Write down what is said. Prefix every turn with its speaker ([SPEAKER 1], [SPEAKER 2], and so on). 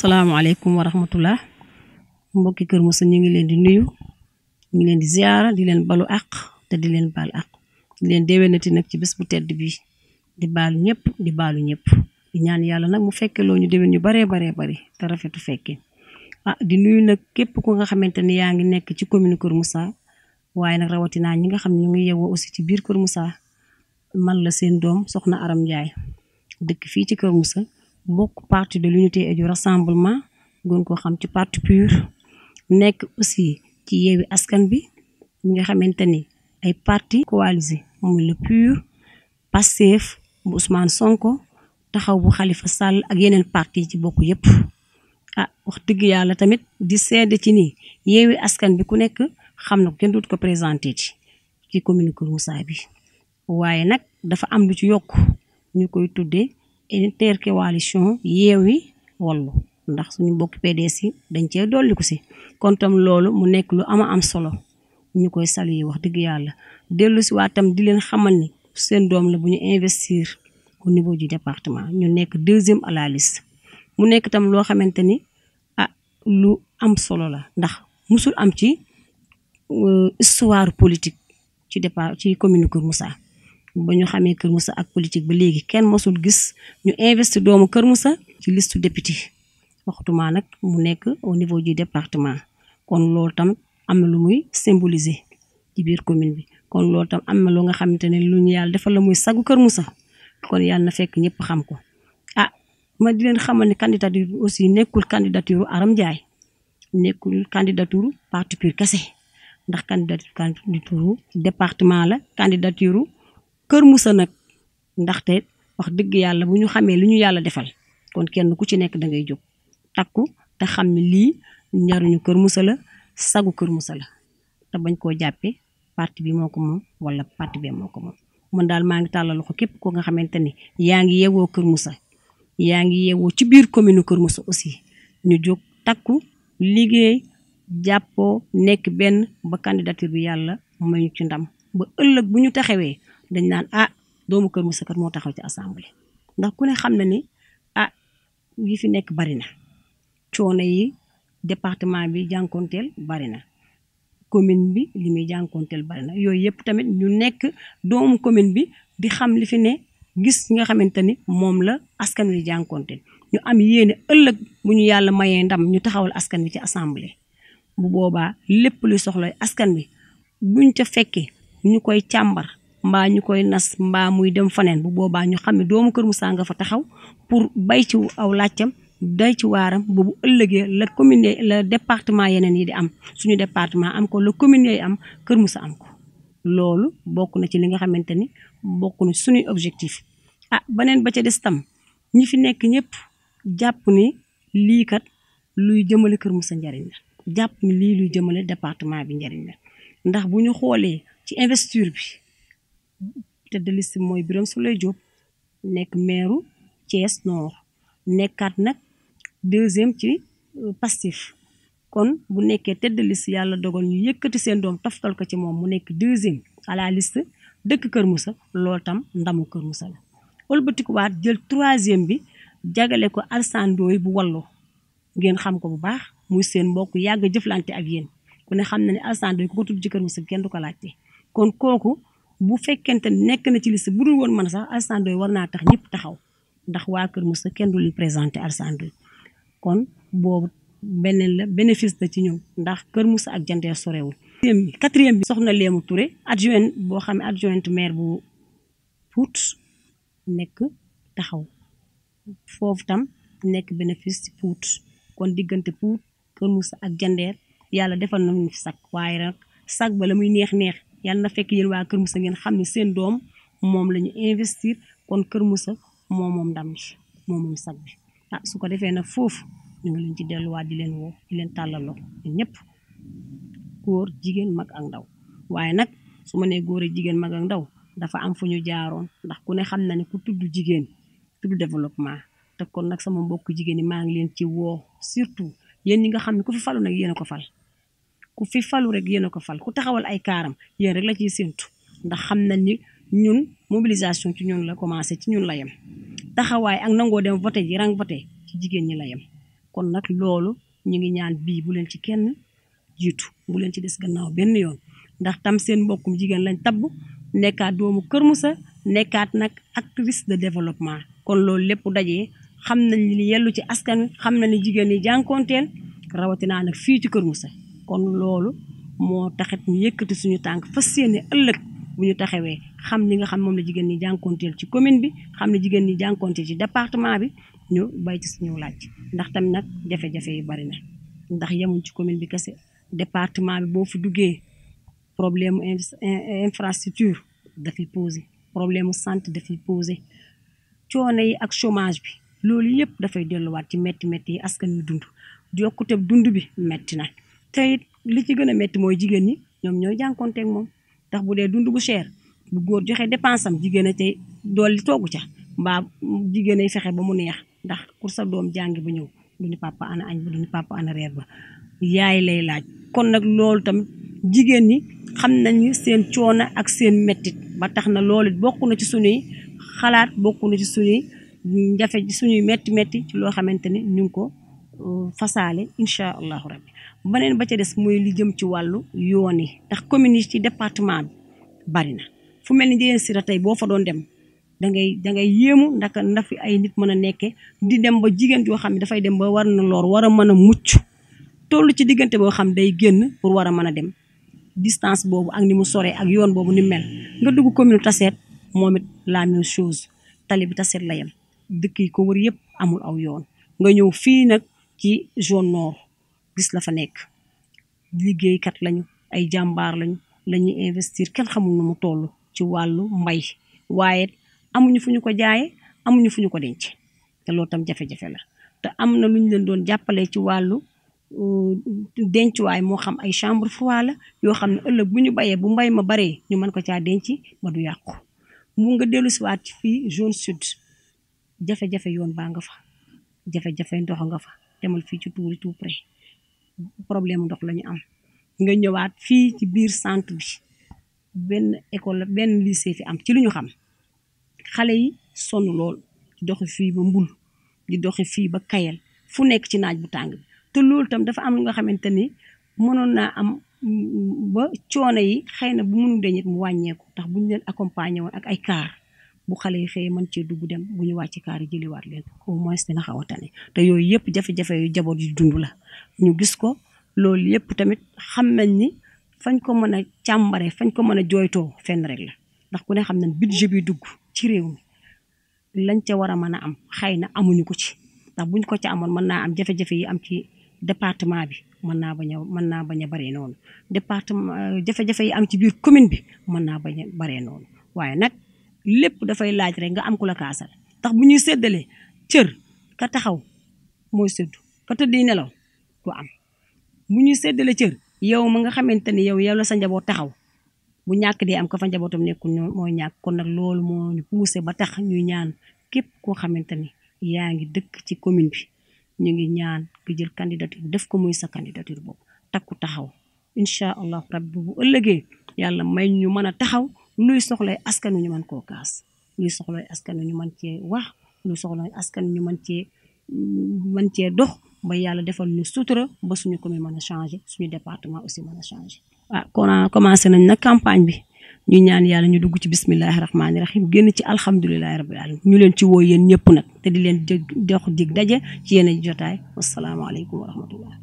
[SPEAKER 1] salaamaaleykum wa rahmatullah mbokki keur Moussa ñi ngi leen di nuyu ñi leen di ziarra di leen balu ak te di leen bal ak di leen déwénati nak ci bes bu tedd bi di bal ñepp di balu ñepp di ñaan yalla nak mu fekke lo ñu déwén ñu bare bare bare te rafetu fekke ah di nuyu nak kep ku nga xamanteni yaangi nek ci commune waye nak rawati na ñi nga xam ñu ngi yewoo aussi ci biir keur man la seen dom soxna Aram jaay dëkk fi ci keur bokk parti de l'unité et du rassemblement gën koo xam ci parti PUR nekk aussi ci yeewi askan bi ñi nga xamante ni ay parti coalisé muy le PUR Pastef bu Ousmane Sonko taxaw bu Khalifa Sall ak yeneen parti ci bokk yépp ah wax dëgg yàlla tamit di sedd ci ni yeewi askan bi ku nekk xam na ko kenn dut ko présenté ci ci commune Kër bi waaye nag dafa am lu ci yokk ñu koy tuddee inter coalition Yewwi Wallu ndax suñu mbokk PDS yi dañ cee dolliku si kon tam loolu mu nekk lu ama am solo ñu koy saluer wax dëgg yàlla dellu si waa tam di leen xamal ni seen doom la bu ñu investir au niveau du département ñu nekk deuxième à mu nekk tam loo xamante ni ah lu am solo la ndax musul am ci euh, histoire politique ci départ ci commune Kër Moussa ba ñu xamee kër Moussa ak politique ba léegi kenn mosul gis ñu investi doomu kër Moussa ci liste député waxtuma nag mu nekk au niveau du département kon loolu tam am na lu muy symboliser ci biir commune bi kon tam am lu nga xamante lu ñu yàlla defal la muy sagu kër Moussa kon yàlla fekk ñëpp xam ko ah ma di leen xamal ne candidature aussi nekkul candidature Aram Ndiaye nekkul candidature parti pur kese ndax candidature département la candidature Kër Moussa nag ndaxte wax dëgg yàlla bu ñu xamee lu ñu yàlla defal kon kenn ku ci nekk da ngay jóg takku te xam ne lii njaruñu Kër Moussa la sagu Kër Moussa la te bañ koo jàppee parti bi moo ko moom wala parti bi moo ko moom mën daal maa ngi tàllal loxo képp koo nga xamante ni yaa ngi yeewoo Kër Moussa yaa ngi yeewoo ci biir commune Kër Moussa aussi ñu jóg takku liggéey jàppoo nekk benn ba candidature bi yàlla mayu ci ndam ba ëllëg bu ñu taxawee dañ naan ah doomu Kër Moussa kat moo taxaw ci assemblée ndax ku ne xam na ni ah yi fi nekk bari na coono yi département bi jànkoonteel bari na commune bi li muy jànkoonteel bari na yooyu yëpp tamit ñu nekk doomu commune bi di xam li fi ne gis nga xamante ni moom la askan wi jànkoonteel ñu am yéene ëllëg bu ñu yàlla mayee ndam ñu taxawal askan wi ci assemblée bu boobaa lépp luy soxla askan wi buñ ca fekkee ñu koy càmbar mbaa ñu koy nas mbaa muy dem faneen bu boobaa ñu xam ne doomu Kër Moussa nga fa taxaw pour bay ci aw laajtam day ci waaram bu ëllëgee la commune la département yeneen yi di am suñu département am ko la commune yi am Kër Moussa am ko loolu bokk na ci li nga xamante ni bokk na suñuy objectif ah beneen ba ca des tam ñi fi nekk ñëpp jàpp ni lii kat luy jëmale Kër Moussa njariñ la jàpp ni lii luy jëmale département bi njariñ la ndax bu ñu xoolee ci investiture bi tête de liste mooy Birame Souleye Diop nekk maire Thiès Nord nekkaat nag deuxième ci euh, pastif kon bu nekkee tête de yàlla dogal ñu yëkkati seen doom taftal ko ci moom mu nekk deuxième à la dëkk Kër Moussa loolu tam ndamu Kër Moussa la wëlbatikuwaat jël troisième bi jagale ko Alassane Ndoye bu wallu ngeen xam ko bu baax muy seen mbokk yàgg jëflante ak yéen ku ne xam na ne Alassane Ndoye ku ko tudd ci Kër Moussa kenn du ko laajte kon kooku bu fekkente nekk na ci liste bu dul woon man sax Alassane war naa tax ñëpp taxaw ndax waa Kër Moussa kenn du li présenté Alassane Ndoye kon boobu beneen la bénéfice la ci ñëw ndax Kër Moussa ak Jandeer sorewul. quatrième bi quatrième bi soxna Léemu Touré adjoint boo xam ne adjointe maire bu Pout nekk taxaw foofu tam nekk bénéfice ci Pout kon diggante puut Kër Moussa ak Jandeer yàlla defal nañu fi sakk waaye nag sakk ba la muy neex neex. yàlla na fekk yéen waa Kër Moussa ngeen xam ne seen doom moom la ñu investir kon Kër Moussa moom moom ndam bi moom moom sag bi ah su ko defee nag foofu ñu ngi ci delluwaat di leen woo di leen tàllaloo ñun ñëpp góor jigéen mag ak ndaw waaye nag su ma nee góor ak jigéen mag ak ndaw dafa am fu ñu jaaroon ndax ku ne xam na ne ku tudd jigéen tudd développement te kon nag sama mbokk jigéen ñi maa ngi leen ci woo surtout yéen ñi nga xam ne ku fi falu nag yéen ko fal ku fi falu rek yéen a ko fal ku taxawal ay kaaram yéen rek la ci séntu ndax xam nañ ni ñun mobilisation ci ñun la commencé ci ñun la yem taxawaay ak nangoo dem voté ji rang voté ci jigéen ñi la yem kon nag loolu ñu ngi ñaan bii bu leen ci kenn jiitu bu leen ci des gannaaw benn yoon ndax tam seen mbokkum jigéen lañ tabb nekkaat doomu Kër Moussa nekkaat nag actrice de développement kon loolu lépp dajee xam nañ li yellu ci askan xam nañ ni jigéen ñi jànkoonteel rawatinaa nag fii ci Kër Moussa kon loolu moo taxit ñu yëkkati suñu tànk fas yéene ëllëg bu ñu taxawee xam li nga xam moom la jigéen ñi jànkonteel ci commune bi xam ne jigéen ni jànkonteel ci département bi ñu bay ci suñu laaj ndax tam nag jafe-jafe yu bari na ndax yemuñ ci commune bi kese département bi boo fi duggee problème infrastructure dafay posé problème mu santé dafay posé coono yi ak chômage bi loolu yëpp dafay delluwaat ci métti métti yi askan wi dund yokkute dund bi métti na te li ci gën a métti mooy jigéen ñi ñoom ñooy jànkonteeg moom ndax bu dee dund gu cher bu góor joxe dépense am jigéen a dool dolli toogu ca mbaa jigéen ay fexe ba mu neex ndax pour sa doom jàngi ba ñëw du ni papa a añ ba du ni papa ana reer ba yaay lay laaj kon nag loolu tamit jigéen ñi xam nañu seen coono ak seen mettit ba tax na loolu bokk na ci suñuy xalaat bokk na ci suñuy njafe suñuy metti metti ci loo xamante ni ñu ngi ko fasaale incha allahu rabbi beneen ba ca des mooy li jëm ci wàllu yoon yi ndax communes ci département bi bari na fu mel ni Ndiéyène Sirah tey boo fa doon dem da ngay da ngay yéemu ndaka na fi ay nit mën a nekkee di dem ba jigéen joo xam ne dafay dem ba war na loor war a mën a mucc toll ci diggante boo xam day génn pour war a mën a dem distance boobu ak ni mu soree ak yoon boobu ni mel nga dugg commune Tasset moom it la chose tali bi Tasset la yem dëkk ko wër yëpp amul aw yoon ci zone nord gis la fa nekk liggéeykat lañu ay jàmbaar lañu la ñuy investir kenn xamul nu mu toll ci wàllu mbay waaye amuñu fu ñu ko jaaye amuñu fu ñu ko denc te loolu tam jafe-jafe la te am na lu ñu leen doon jàppale ci wàllu euh, dencuwaay moo xam ay chambre froide la yoo xam ne ëllëg bu ñu bayee bu mbay ma baree ñu mën ko caa denc ba du yàqu mu nga dellu siwaat fii zone sud jafe-jafe yoon baa nga fa jafe-jafe ndox nga fa demal fii ci tuuri tout près problème ndox la ñu am nga ñëwaat fii ci biir sant bi benn école benn lycée fi am ci lu ñu xam xale yi sonn lool di doxi fii ba mbul di doxi fii ba kayal fu nekk ci naaj bu tàng bi te loolu tam dafa am lu nga xamante ni mënoon naa am mm, ba coono yi xëy na bu mënu deñit mu wàññeeku ndax buñ leen accompagner woon ak ay kaar bu xale yi xëyee man cee dugg dem bu ñu ci kaar yi jëliwaat leen au moins na xaw a tane te yooyu yëpp jafe-jafe yu jaboot yu dund la ñu gis ko loolu yëpp tamit xam nañ ni fañ ko mën a càmbare fañ ko mën a jooytoo fenn rek la ndax ku ne xam nañ budget bi dugg ci réew mi lañ ca war a mën a am xëy na amuñu ko ci ndax buñ ko ca amoon mën naa am jafe-jafe yi am ci département bi mën naa bañ a mën naa bañ a baree noonu département jafe-jafe yi am ci biir commune bi mën naa bañ baree noonu lépp dafay laaj rek nga am ku la kaasal tax bu ñuy séddale cër ka taxaw mooy séddu ka tëddi nelaw du am bu ñuy séddale cër yow ma nga xamante ni yow yow la sa njaboot taxaw bu ñàkk di am ka fa njabootam nekku mooy ñàkk kon nag loolu moo ñu poussé ba tax ñu ñaan képp koo xamante ni yaa ngi dëkk ci commune bi ñu ngi ñaan nga jël candidature def ko muy sa candidature boobu takku taxaw incha allah rabbi bu ëllëgee yàlla may ñu mën a taxaw luy soxlay askan ñu man koo kaas luy soxlay askan ñu man cee wax luy soxlay askan ñu mën cee mm, mën cee dox ba yàlla defal ñu sutura ba suñu commune mën a changé suñu département aussi mën a changé. waaw ah, kon ah, commencé nañ na campagne bi ñu ñaan yàlla ñu dugg ci bismillahi rahmaani rahim génn ci alhamdulilahi rabbil alamin ñu leen ci woo yéen ñëpp nag te di leen jox dig daje ci yeneen jotaay wasalaamaaleykum wa rahmatullah